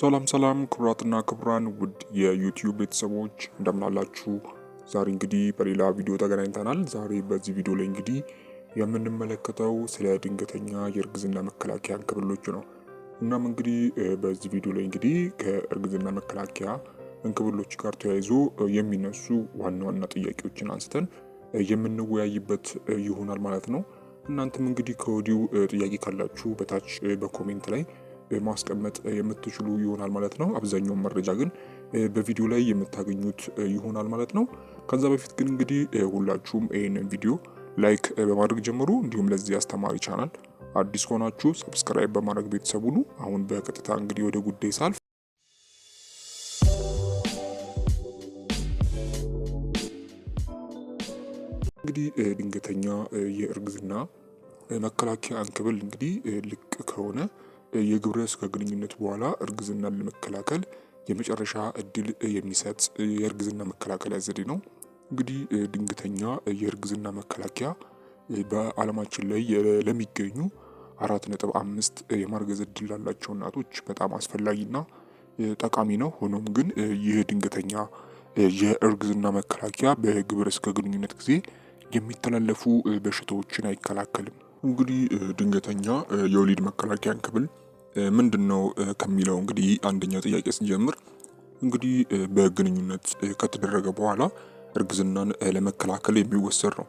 ሰላም ሰላም ክቡራትና ክቡራን ውድ የዩቲዩብ ቤተሰቦች እንደምናላችሁ። ዛሬ እንግዲህ በሌላ ቪዲዮ ተገናኝተናል። ዛሬ በዚህ ቪዲዮ ላይ እንግዲህ የምንመለከተው ስለ ድንገተኛ የእርግዝና መከላከያ እንክብሎች ነው። እናም እንግዲህ በዚህ ቪዲዮ ላይ እንግዲህ ከእርግዝና መከላከያ እንክብሎች ጋር ተያይዞ የሚነሱ ዋና ዋና ጥያቄዎችን አንስተን የምንወያይበት ይሆናል ማለት ነው። እናንተም እንግዲህ ከወዲሁ ጥያቄ ካላችሁ በታች በኮሜንት ላይ ማስቀመጥ የምትችሉ ይሆናል ማለት ነው። አብዛኛውን መረጃ ግን በቪዲዮ ላይ የምታገኙት ይሆናል ማለት ነው። ከዛ በፊት ግን እንግዲህ ሁላችሁም ይህንን ቪዲዮ ላይክ በማድረግ ጀምሩ። እንዲሁም ለዚህ አስተማሪ ቻናል አዲስ ከሆናችሁ ሰብስክራይብ በማድረግ ቤተሰብ ሁኑ። አሁን በቀጥታ እንግዲህ ወደ ጉዳይ ሳልፍ እንግዲህ ድንገተኛ የእርግዝና መከላከያ አንክብል እንግዲህ ልቅ ከሆነ የግብረ ስጋ ግንኙነት በኋላ እርግዝናን ለመከላከል የመጨረሻ እድል የሚሰጥ የእርግዝና መከላከያ ዘዴ ነው። እንግዲህ ድንገተኛ የእርግዝና መከላከያ በዓለማችን ላይ ለሚገኙ አራት ነጥብ አምስት የማርገዝ እድል ላላቸው እናቶች በጣም አስፈላጊና ጠቃሚ ነው። ሆኖም ግን ይህ ድንገተኛ የእርግዝና መከላከያ በግብረ ስጋ ግንኙነት ጊዜ የሚተላለፉ በሽታዎችን አይከላከልም። እንግዲህ ድንገተኛ የወሊድ መከላከያ እንክብል ምንድን ነው ከሚለው እንግዲህ አንደኛው ጥያቄ ስንጀምር እንግዲህ በግንኙነት ከተደረገ በኋላ እርግዝናን ለመከላከል የሚወሰድ ነው።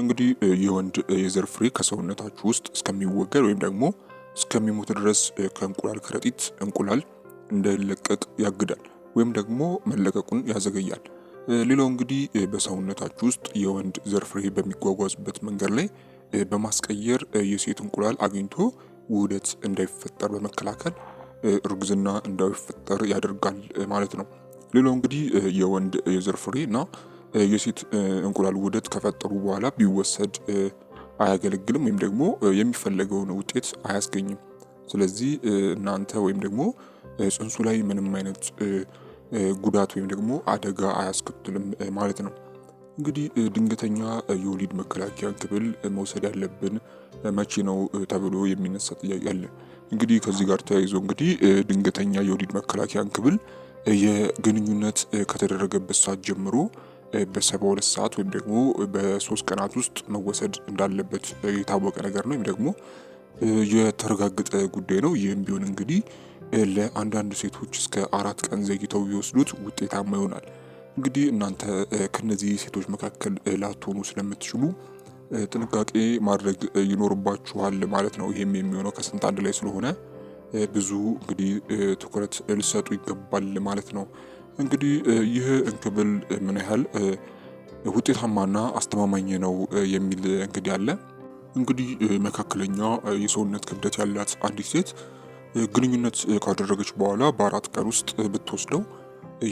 እንግዲህ የወንድ የዘር ፍሬ ከሰውነታችሁ ውስጥ እስከሚወገድ ወይም ደግሞ እስከሚሞት ድረስ ከእንቁላል ከረጢት እንቁላል እንዳይለቀቅ ያግዳል ወይም ደግሞ መለቀቁን ያዘገያል። ሌላው እንግዲህ በሰውነታችሁ ውስጥ የወንድ ዘር ፍሬ በሚጓጓዝበት መንገድ ላይ በማስቀየር የሴት እንቁላል አግኝቶ ውህደት እንዳይፈጠር በመከላከል እርግዝና እንዳይፈጠር ያደርጋል ማለት ነው። ሌላው እንግዲህ የወንድ የዘር ፍሬ እና የሴት እንቁላል ውህደት ከፈጠሩ በኋላ ቢወሰድ አያገለግልም ወይም ደግሞ የሚፈለገውን ውጤት አያስገኝም። ስለዚህ እናንተ ወይም ደግሞ ጽንሱ ላይ ምንም አይነት ጉዳት ወይም ደግሞ አደጋ አያስከትልም ማለት ነው። እንግዲህ ድንገተኛ የወሊድ መከላከያ ክብል መውሰድ ያለብን መቼ ነው ተብሎ የሚነሳ ጥያቄ አለ። እንግዲህ ከዚህ ጋር ተያይዞ እንግዲህ ድንገተኛ የወሊድ መከላከያ ክብል የግንኙነት ከተደረገበት ሰዓት ጀምሮ በሰባ ሁለት ሰዓት ወይም ደግሞ በሶስት ቀናት ውስጥ መወሰድ እንዳለበት የታወቀ ነገር ነው ወይም ደግሞ የተረጋገጠ ጉዳይ ነው። ይህም ቢሆን እንግዲህ ለአንዳንድ ሴቶች እስከ አራት ቀን ዘግይተው ቢወስዱት ውጤታማ ይሆናል። እንግዲህ እናንተ ከነዚህ ሴቶች መካከል ላትሆኑ ስለምትችሉ ጥንቃቄ ማድረግ ይኖርባችኋል ማለት ነው። ይህም የሚሆነው ከስንት አንድ ላይ ስለሆነ ብዙ እንግዲህ ትኩረት ሊሰጡ ይገባል ማለት ነው። እንግዲህ ይህ እንክብል ምን ያህል ውጤታማና አስተማማኝ ነው የሚል እንግዲህ አለ። እንግዲህ መካከለኛ የሰውነት ክብደት ያላት አንዲት ሴት ግንኙነት ካደረገች በኋላ በአራት ቀን ውስጥ ብትወስደው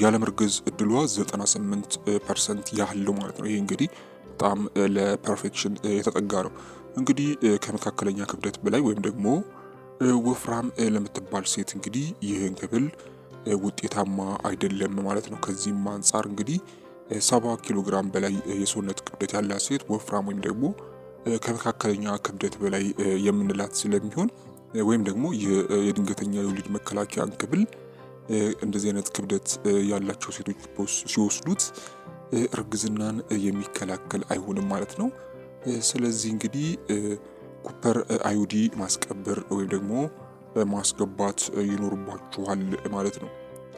ያለመርገዝ እድሏ 98 ፐርሰንት ያህል ነው ማለት ነው። ይህ እንግዲህ በጣም ለፐርፌክሽን የተጠጋ ነው። እንግዲህ ከመካከለኛ ክብደት በላይ ወይም ደግሞ ወፍራም ለምትባል ሴት እንግዲህ ይህን ክብል ውጤታማ አይደለም ማለት ነው። ከዚህም አንጻር እንግዲህ ሰባ ኪሎ ግራም በላይ የሰውነት ክብደት ያላት ሴት ወፍራም ወይም ደግሞ ከመካከለኛ ክብደት በላይ የምንላት ስለሚሆን ወይም ደግሞ የድንገተኛ የወሊድ መከላከያን ክብል እንደዚህ አይነት ክብደት ያላቸው ሴቶች ሲወስዱት እርግዝናን የሚከላከል አይሆንም ማለት ነው። ስለዚህ እንግዲህ ኩፐር አዩዲ ማስቀበር ወይም ደግሞ ማስገባት ይኖርባችኋል ማለት ነው።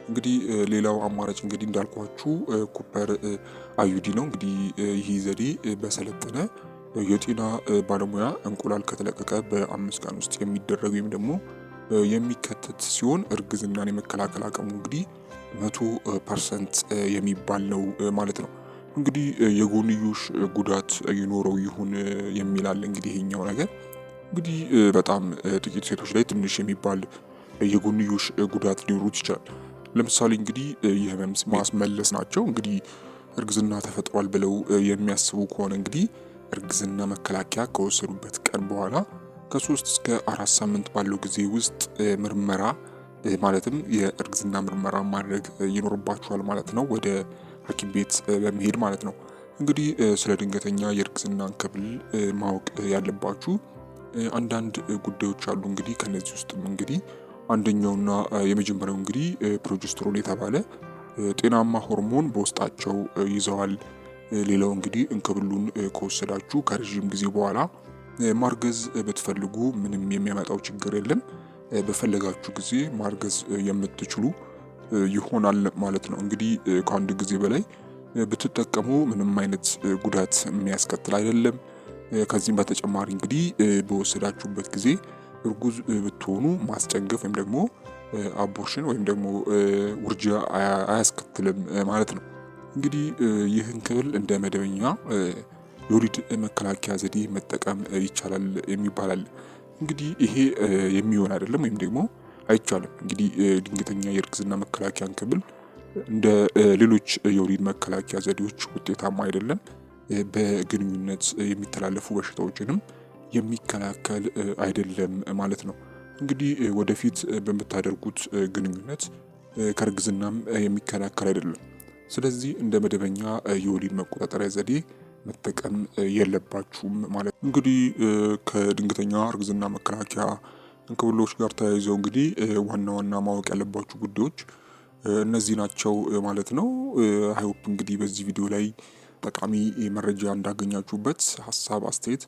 እንግዲህ ሌላው አማራጭ እንግዲህ እንዳልኳችሁ ኩፐር አዩዲ ነው። እንግዲህ ይህ ዘዴ በሰለጠነ የጤና ባለሙያ እንቁላል ከተለቀቀ በአምስት ቀን ውስጥ የሚደረግ ወይም ደግሞ የሚከተት ሲሆን እርግዝናን የመከላከል አቅሙ እንግዲህ መቶ ፐርሰንት የሚባል ነው ማለት ነው። እንግዲህ የጎንዮሽ ጉዳት ይኖረው ይሁን የሚላል እንግዲህ ይሄኛው ነገር እንግዲህ በጣም ጥቂት ሴቶች ላይ ትንሽ የሚባል የጎንዮሽ ጉዳት ሊኖሩት ይችላል። ለምሳሌ እንግዲህ የህመም ማስመለስ ናቸው። እንግዲህ እርግዝና ተፈጥሯል ብለው የሚያስቡ ከሆነ እንግዲህ እርግዝና መከላከያ ከወሰዱበት ቀን በኋላ ከሶስት እስከ አራት ሳምንት ባለው ጊዜ ውስጥ ምርመራ ማለትም የእርግዝና ምርመራ ማድረግ ይኖርባችኋል ማለት ነው። ወደ ሐኪም ቤት በመሄድ ማለት ነው። እንግዲህ ስለ ድንገተኛ የእርግዝና እንክብል ማወቅ ያለባችሁ አንዳንድ ጉዳዮች አሉ። እንግዲህ ከነዚህ ውስጥም እንግዲህ አንደኛውና የመጀመሪያው እንግዲህ ፕሮጀስትሮን የተባለ ጤናማ ሆርሞን በውስጣቸው ይዘዋል። ሌላው እንግዲህ እንክብሉን ከወሰዳችሁ ከረዥም ጊዜ በኋላ ማርገዝ ብትፈልጉ ምንም የሚያመጣው ችግር የለም። በፈለጋችሁ ጊዜ ማርገዝ የምትችሉ ይሆናል ማለት ነው። እንግዲህ ከአንድ ጊዜ በላይ ብትጠቀሙ ምንም አይነት ጉዳት የሚያስከትል አይደለም። ከዚህም በተጨማሪ እንግዲህ በወሰዳችሁበት ጊዜ እርጉዝ ብትሆኑ ማስጨንገፍ ወይም ደግሞ አቦርሽን ወይም ደግሞ ውርጃ አያስከትልም ማለት ነው። እንግዲህ ይህን ክፍል እንደ መደበኛ የወሊድ መከላከያ ዘዴ መጠቀም ይቻላል የሚባላል። እንግዲህ ይሄ የሚሆን አይደለም ወይም ደግሞ አይቻልም። እንግዲህ ድንገተኛ የእርግዝና መከላከያ እንክብል እንደ ሌሎች የወሊድ መከላከያ ዘዴዎች ውጤታማ አይደለም። በግንኙነት የሚተላለፉ በሽታዎችንም የሚከላከል አይደለም ማለት ነው። እንግዲህ ወደፊት በምታደርጉት ግንኙነት ከእርግዝናም የሚከላከል አይደለም። ስለዚህ እንደ መደበኛ የወሊድ መቆጣጠሪያ ዘዴ መጠቀም የለባችሁም ማለት ነው። እንግዲህ ከድንገተኛ እርግዝና መከላከያ እንክብሎች ጋር ተያይዘው እንግዲህ ዋና ዋና ማወቅ ያለባችሁ ጉዳዮች እነዚህ ናቸው ማለት ነው። አይሆፕ እንግዲህ በዚህ ቪዲዮ ላይ ጠቃሚ መረጃ እንዳገኛችሁበት ሀሳብ፣ አስተያየት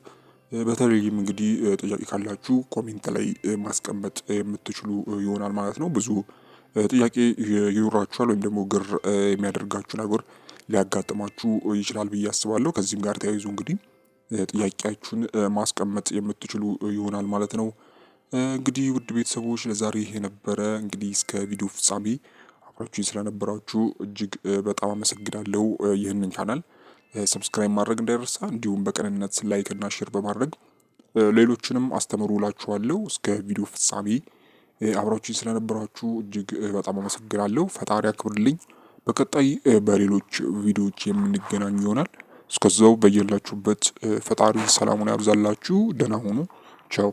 በተለይም እንግዲህ ጥያቄ ካላችሁ ኮሜንት ላይ ማስቀመጥ የምትችሉ ይሆናል ማለት ነው። ብዙ ጥያቄ ይኖራችኋል ወይም ደግሞ ግር የሚያደርጋችሁ ነገር ሊያጋጥማችሁ ይችላል ብዬ አስባለሁ። ከዚህም ጋር ተያይዞ እንግዲህ ጥያቄያችሁን ማስቀመጥ የምትችሉ ይሆናል ማለት ነው። እንግዲህ ውድ ቤተሰቦች ለዛሬ የነበረ እንግዲህ እስከ ቪዲዮ ፍጻሜ አብራችሁኝ ስለነበራችሁ እጅግ በጣም አመሰግናለሁ። ይህንን ቻናል ሰብስክራይብ ማድረግ እንዳይረሳ፣ እንዲሁም በቅንነት ላይክ እና ሼር በማድረግ ሌሎችንም አስተምሩ እላችኋለሁ። እስከ ቪዲዮ ፍጻሜ አብራችሁኝ ስለነበራችሁ እጅግ በጣም አመሰግናለሁ። ፈጣሪ አክብርልኝ። በቀጣይ በሌሎች ቪዲዮዎች የምንገናኝ ይሆናል። እስከዛው በየላችሁበት ፈጣሪ ሰላሙን ያብዛላችሁ። ደህና ሁኑ። ቻው